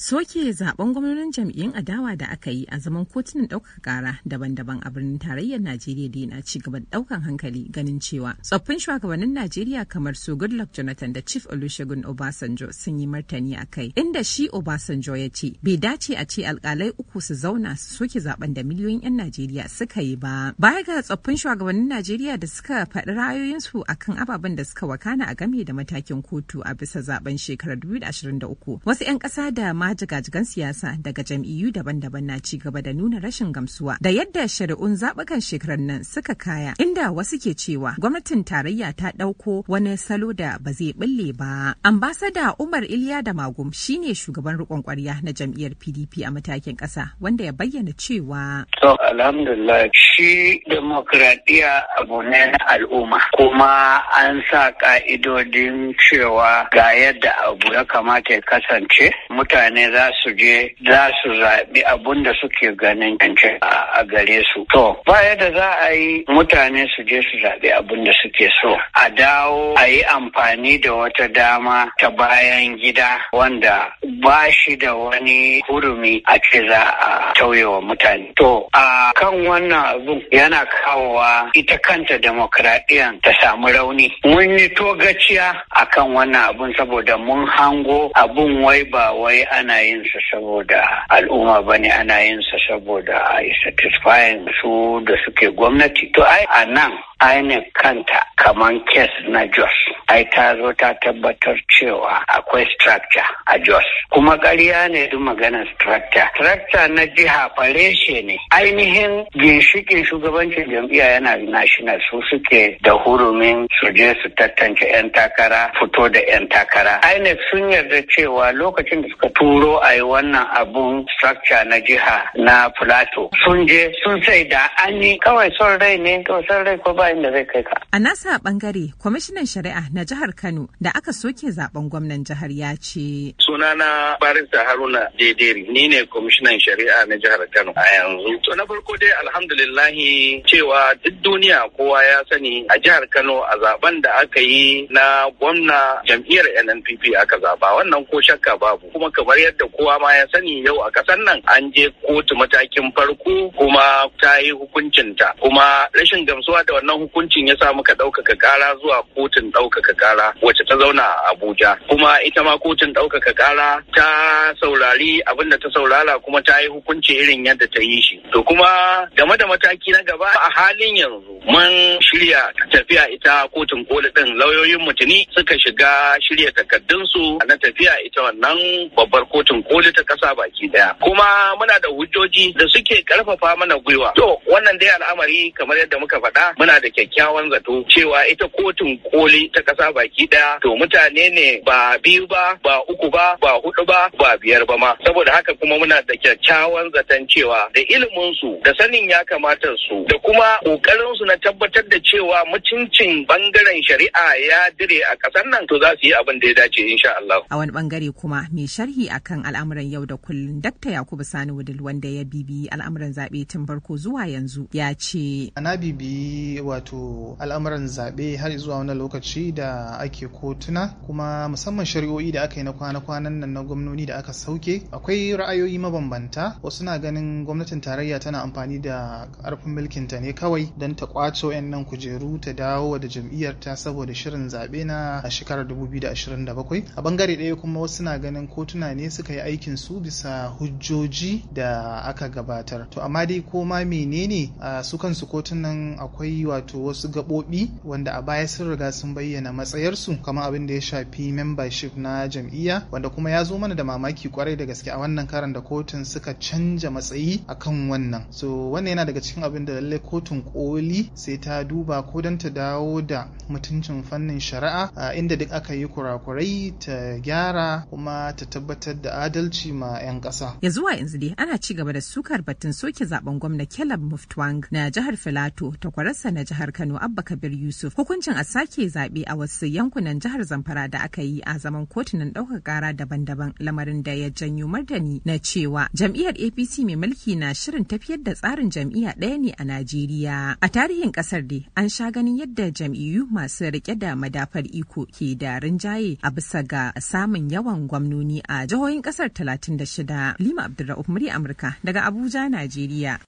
soke zaben gwamnonin jam'iyyun adawa da aka yi a zaman kotunan ɗaukaka ƙara daban-daban a birnin tarayyar najeriya da yana ci gaba da ɗaukan hankali ganin cewa tsoffin shugabannin najeriya kamar su goodluck jonathan da chief olusegun obasanjo sun yi martani a kai inda shi obasanjo ya ce bai dace a ce alkalai uku su zauna su soke zaben da miliyoyin 'yan najeriya suka yi ba baya ga tsoffin shugabannin najeriya da suka faɗi ra'ayoyinsu a kan ababen da suka wakana a game da matakin kotu a bisa zaben shekarar 2023 wasu 'yan ƙasa da ma kuma jigajigan siyasa daga jam'iyyu daban-daban na ci gaba da nuna rashin gamsuwa da yadda shari'un zaɓukan shekarar nan suka kaya inda wasu ke cewa gwamnatin tarayya ta ɗauko wani salo da ba zai ɓille ba. Ambasada Umar Iliya da Magum shine shugaban riƙon ƙwarya na jam'iyyar PDP a matakin ƙasa wanda ya bayyana cewa. To alhamdulillah shi demokradiyya abu ne na al'umma kuma an sa ƙa'idodin cewa ga yadda abu ya kamata ya kasance mutane mutane za su je za su zaɓi abun da suke ganin cancan a gare su. To, baya da za a yi mutane su je su zaɓi abun da suke so. A dawo a yi amfani da wata dama ta bayan gida wanda ba shi da wani hurumi a za a tauye wa mutane. To, a kan wannan abu yana kawowa ita kanta demokradiyyar ta samu rauni mun yi togaciya a kan wannan abun saboda mun hango abun wai ba wai ana yin sa saboda al'umma ba ne ana yin sa saboda satisfying su da suke gwamnati to ai a nan ainihin kanta kaman kes na Jos. Ai ta zo ta tabbatar cewa akwai structure a Jos. Kuma ƙarya ne duk maganar structure. Structure na jiha shi ne. Ainihin domin ginshikin shugabancin jam'iyya yana national su suke da hurumin su je su tantance 'yan takara fito da 'yan takara inec sun yarda cewa lokacin da suka turo a yi wannan abun structure na jiha na plateau sun je sun sai da an yi kawai son rai ne kawai son rai ko bayan da zai kai ka a nasa bangare kwamishinan shari'a na jihar kano da aka soke zaben gwamnan jihar ya ce sunana barista haruna dederi ni ne kwamishinan shari'a na jihar kano a yanzu to na farko dai alhamdulillah cewa duk duniya kowa ya sani a jihar Kano a zaben da aka yi na gwamna jam'iyyar NNPP aka zaba wannan ko shakka babu kuma kamar yadda kowa ma ya sani yau a kasar nan an je kotu matakin farko kuma ta yi hukuncinta kuma rashin gamsuwa da wannan hukuncin ya sa muka ɗaukaka ƙara zuwa kotun ɗaukaka ƙara wacce ta zauna a Abuja kuma ita ma kotun ɗaukaka ƙara ta saurari abin da ta saurara kuma ta yi hukunci irin yadda ta yi shi to kuma game da mataki na gaba a halin yanzu mun shirya tafiya ita kotun koli din lauyoyin mutuni suka shiga shirya takardunsu na tafiya ita wannan babbar kotun koli ta kasa baki daya kuma muna da hujjoji da suke karfafa mana gwiwa to wannan dai al'amari kamar yadda muka faɗa muna da kyakkyawan zato cewa ita kotun koli ta kasa baki daya to mutane ne ba biyu ba ba uku ba ba hudu ba ba biyar ba ma saboda haka kuma muna da kyakkyawan zaton cewa da ilimin su da sanin ya kamata su da kuma kokarin su na tabbatar da cewa mutuncin bangaren shari'a ya dire a kasar nan to za su yi abin da ya dace insha Allah. A wani bangare kuma mai sharhi akan al'amuran yau da kullum Dr. Yakubu Sani Wudul wanda ya bibi al'amuran zaɓe tun farko zuwa yanzu ya ce. Ana bibi wato al'amuran zaɓe har zuwa wani lokaci da ake kotuna kuma musamman shari'o'i da aka yi na kwana-kwanan nan na gwamnoni da aka sauke akwai ra'ayoyi mabambanta wasu na ganin gwamnatin tarayya tana amfani amfani da ƙarfin mulkinta ne kawai don ta kwaco 'yan nan kujeru ta dawo da jam'iyyarta saboda shirin zaɓe na a shekarar 2027 a bangare ɗaya kuma wasu na ganin kotuna ne suka yi aikin su bisa hujjoji da aka gabatar to amma dai ko ma menene su kansu kotunan akwai wato wasu gaɓoɓi wanda a baya sun riga sun bayyana matsayarsu kamar abin da ya shafi membership na jam'iyya wanda kuma ya zo mana da mamaki kwarai da gaske a wannan karan da kotun suka canja matsayi akan wannan so so wannan yana daga cikin abin da lalle kotun koli sai ta duba ko don ta dawo da mutuncin fannin shari'a a inda duk aka yi kurakurai ta gyara kuma ta tabbatar da adalci ma 'yan ƙasa. ya zuwa yanzu dai ana ci gaba da sukar batun soke zaben gwamna kelab muftwang na jihar filato ta kwararsa na jihar kano abba kabir yusuf hukuncin a sake zaɓe a wasu yankunan jihar zamfara da aka yi a zaman kotunan ɗaukar ƙara daban-daban lamarin da ya janyo martani na cewa jam'iyyar apc mai mulki na shirin tafiyar da tsarin jam'iyya ɗaya ne a Najeriya. A tarihin ƙasar dai an sha ganin yadda jam'iyyu masu riƙe da madafar iko ke da rinjaye a bisa ga samun yawan gwamnoni a jihohin ƙasar 36. Lima Abdulra'uf murya Amurka daga Abuja, Najeriya.